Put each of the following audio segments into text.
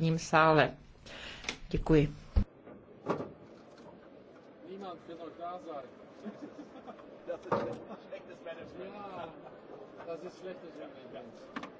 jedním sále. Děkuji. Das ist das ist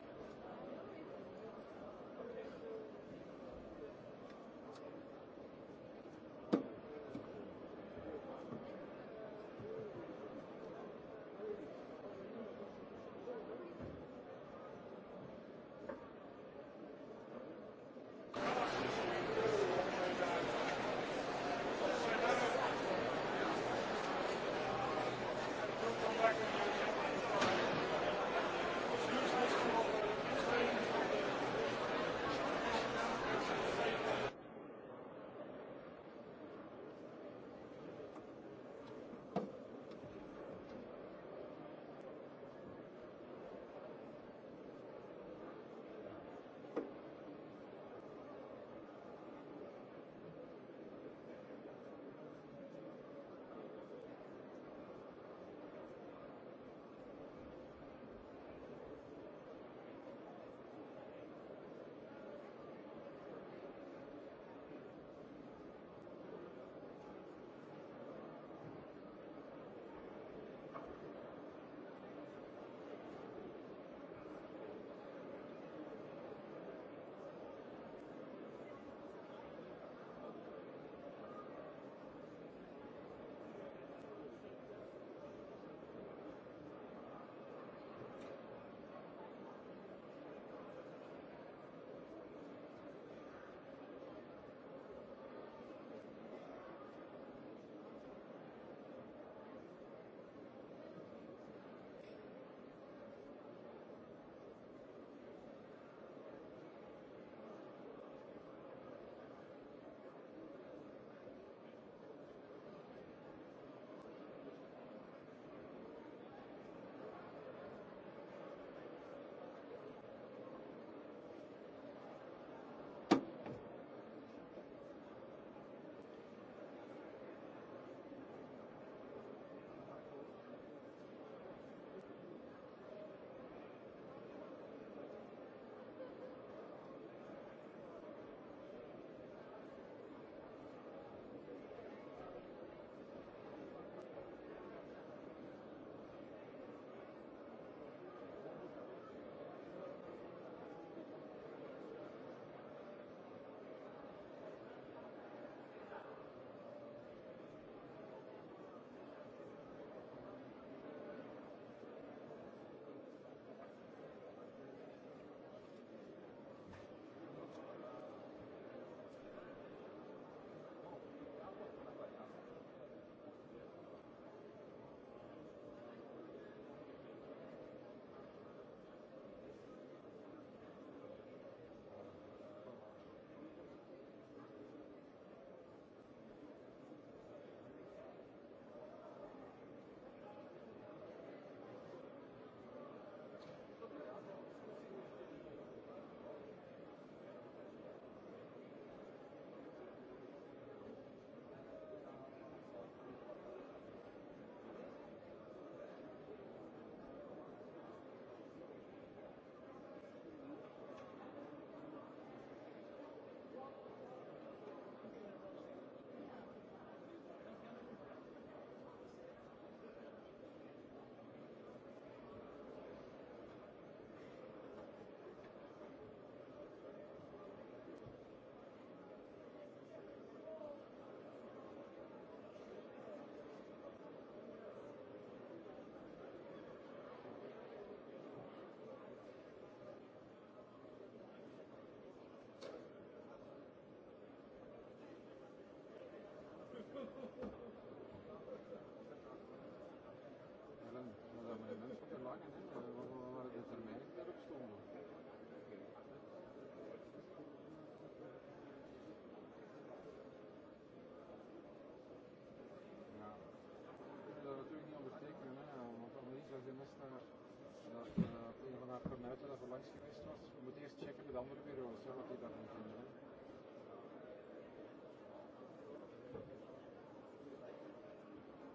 Hamburg Büro, si ono týdat můžeme.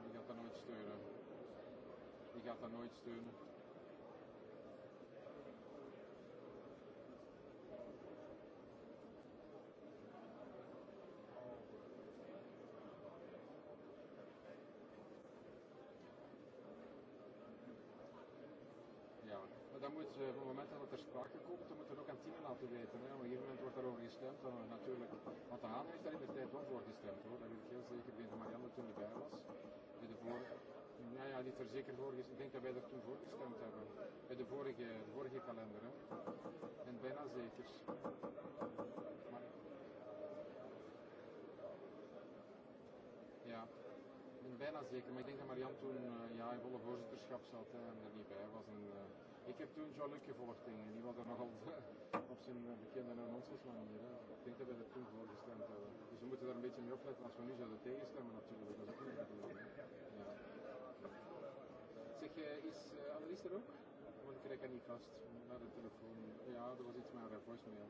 Ik dat nooit steunen. Ik had dat nooit steunen. Ja, maar dan moet, op het moment dat er sprake komt, timmen alltid vet när man ger mentor för Ryssland så har naturligt att han är istället bestämt om vårt bestämt och där vill jag säga att vi inte Marianne kunde bära oss. Med det voor nou ja, niet verzekerd voor is. Ik denk dat wij er toen voor gestemd hebben. Bij de vorige, de vorige kalender. Hè. En bijna zeker. ja, en bijna zeker. Maar ik denk dat Marianne toen uh, ja, in volle voorzitterschap zat hè, en er niet bij was. En, uh, Ik heb toen Jean-Luc verwachtingen en die was op zijn bekende manier. Ik denk dat we er toen voor gestemd hebben. Dus we moeten daar een beetje mee opletten als we nu zouden tegenstemmen natuurlijk. Dat is ook niet Ja. Zeg, eh, is uh, Annelies er ook? Want ik krijg haar niet vast naar de telefoon. Ja, er was iets met haar voicemail.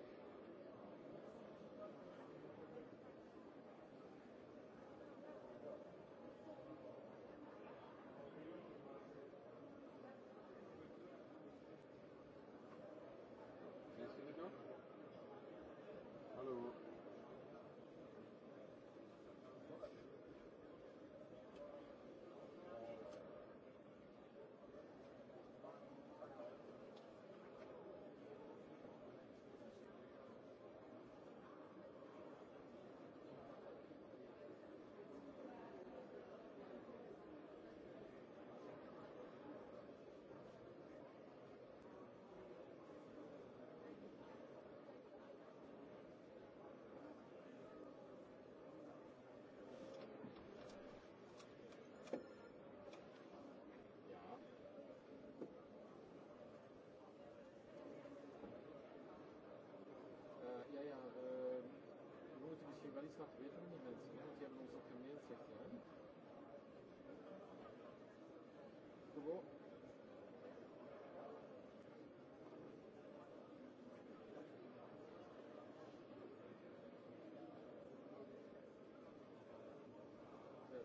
vertreten, die Menschen, und die haben unsere Familien Wo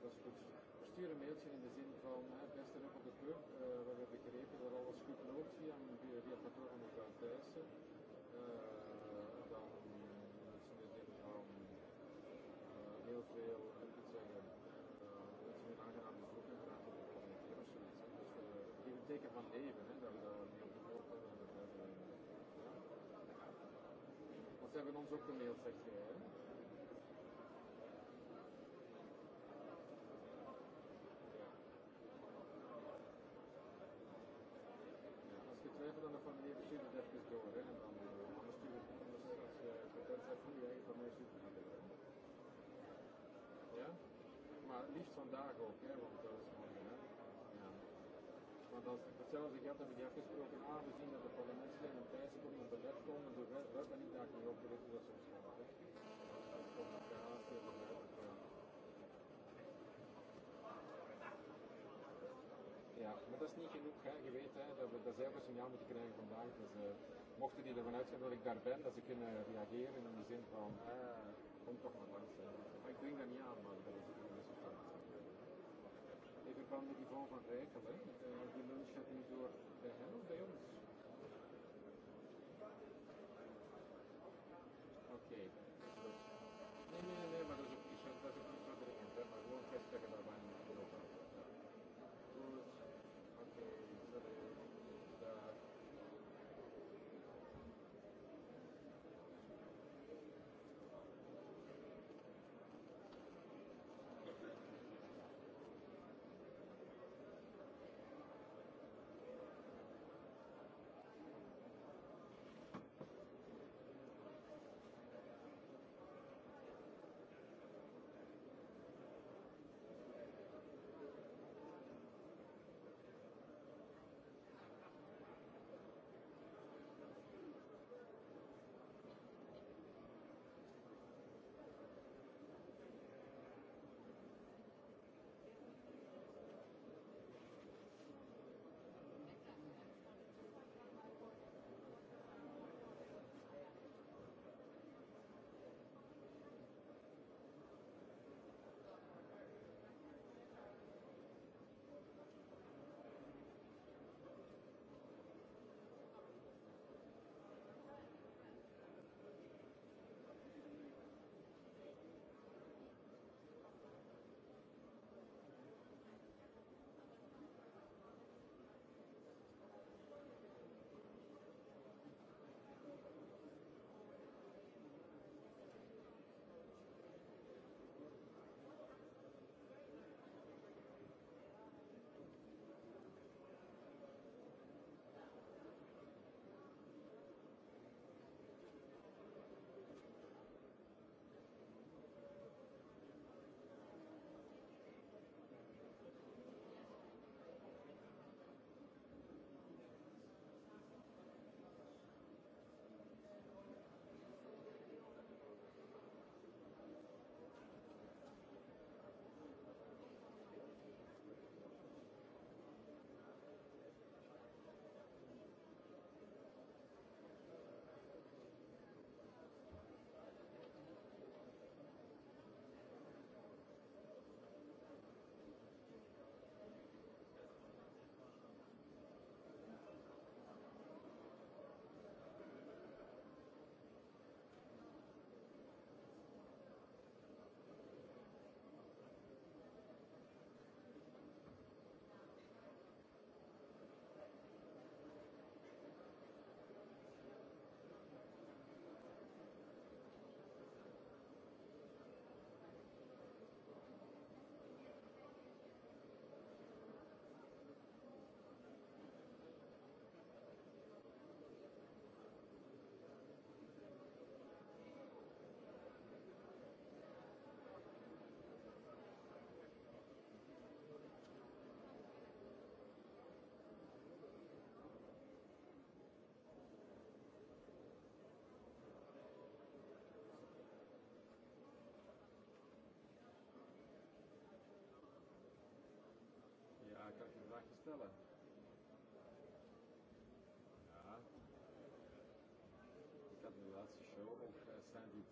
dat is goed. Stuur een mailtje in de zin van, beste Ruppel de Keur, teken van leven, hè, dat we daar niet op de voorkant hebben. vandaag ook, hè, want dat is morgen. Ja. Maar dat, hetzelfde geldt hebben die afgesproken aangezien dat de parlementsleden een tijdspot op de wet komen, de wet, wet en niet daar je. op gericht dat soms gaat. Hè. Dat Ja, maar dat is niet genoeg. Hè. Je weet hè, dat we dat zelf een signaal moeten krijgen vandaag. Dus uh, mochten die ervan uitgaan dat ik daar ben, dat ze kunnen reageren in de zin van, eh, kom toch maar langs. Maar ik denk dat niet aan, maar dat is kan me die volgen regelen. Uh, die lunch heb ik door de hen of bij ons?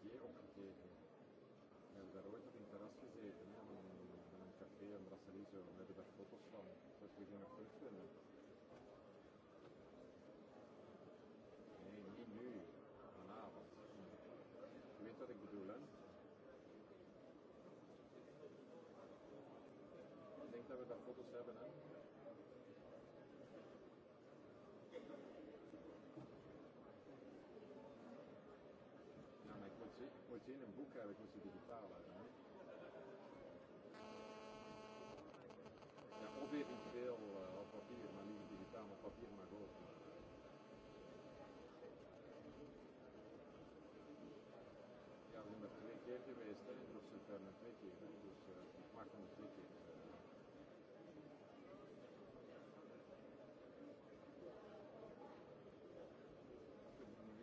Diego perché da Roberto Pintaras che se andiamo a un caffè a un brasserizio andate per Fotosfam in een boekhouder moet je die Ja, of eventueel uh, op papier, maar liever digitaal, maar papier maar Ja, we zijn er twee keer geweest, hè? dus het zijn er twee keer, hè? dus uh, ik mag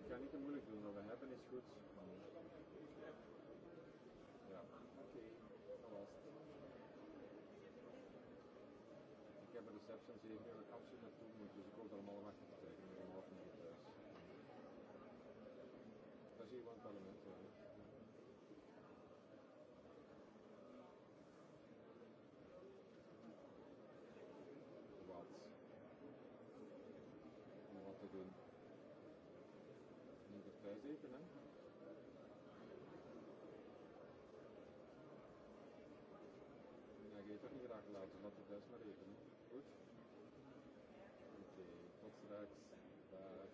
kan niet te moeilijk doen, wat we hebben is goed. hebben receptions die ik absoluut naartoe moet. Dus ik hoop dat allemaal weg te tekenen. Dan hoop ik het thuis. Daar zie je wel een parlement. Ja. to? Om Niet op tijd zeker, hè? Ja, je toch niet graag laten, laat het best maar even. Hè? Gut. Okay, kurz Werks, Werk.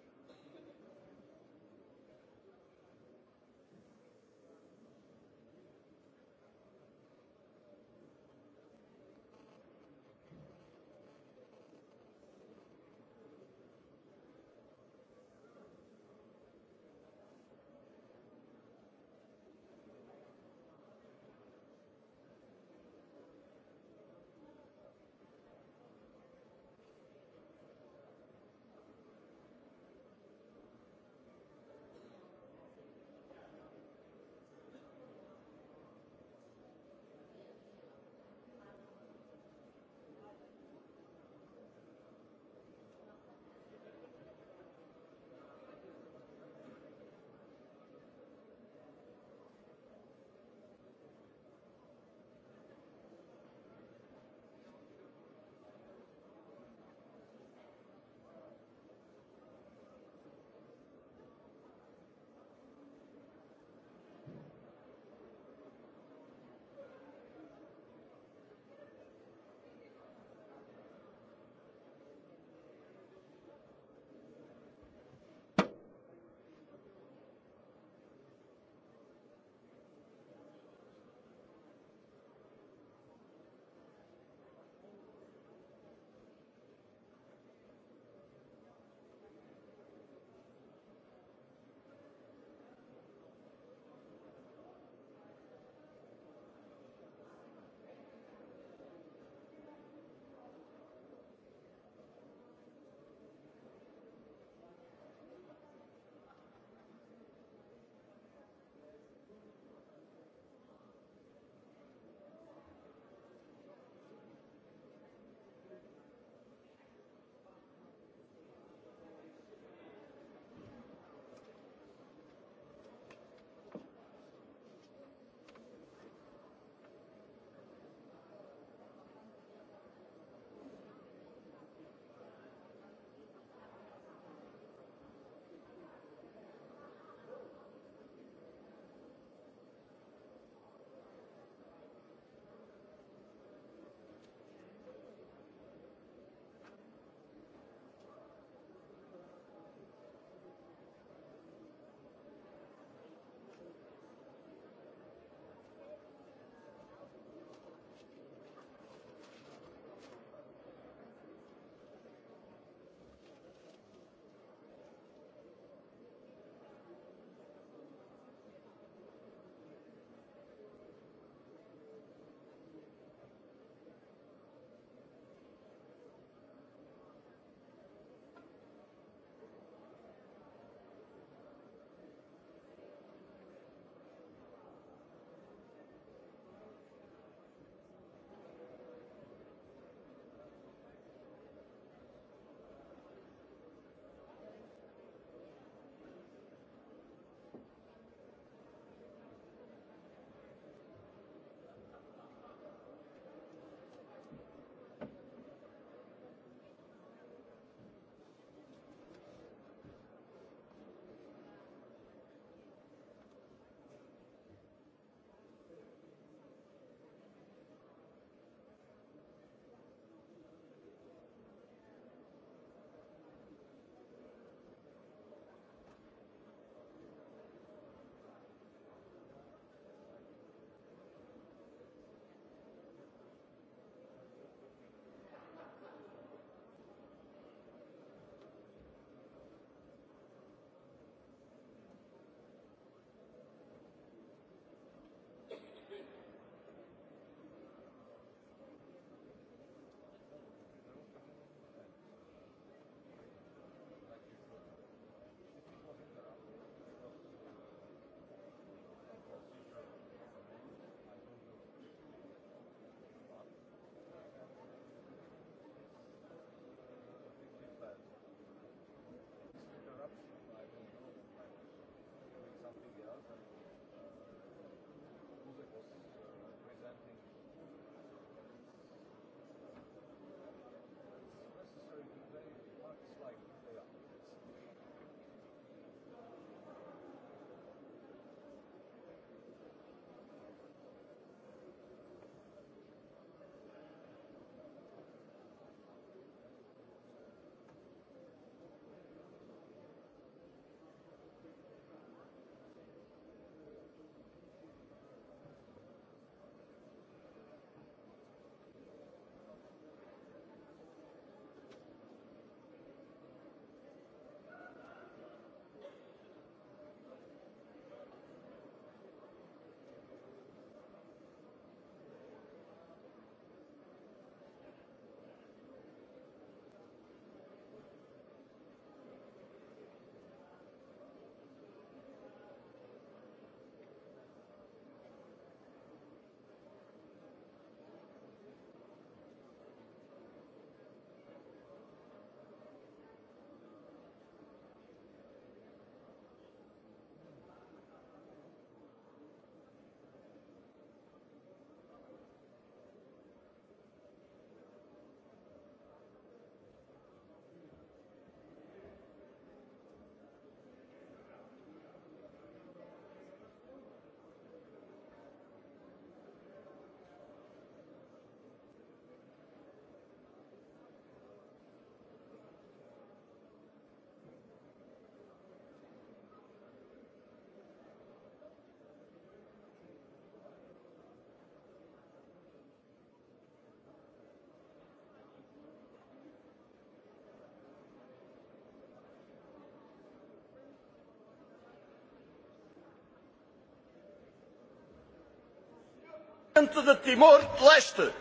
presidente de Timor-Leste.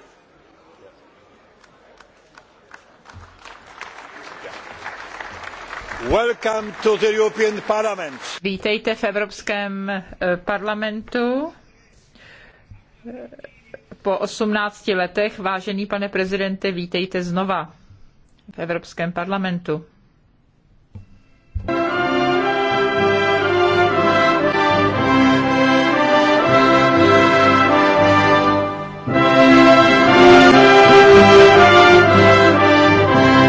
Welcome to the European Parliament. Vítejte v Evropském eh, parlamentu. Eh, po 18 letech, vážený pane prezidente, vítejte znova v Evropském parlamentu.